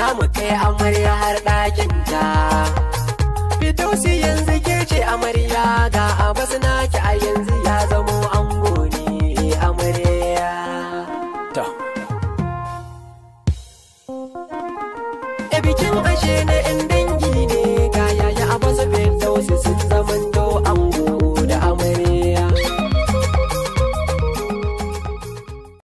za mu kai amarya har ɗakin ta. Fitosi yanzu ke ce amarya ga abas naki a yanzu ya zamo ango ne amarya. Ta. E bikin ashe na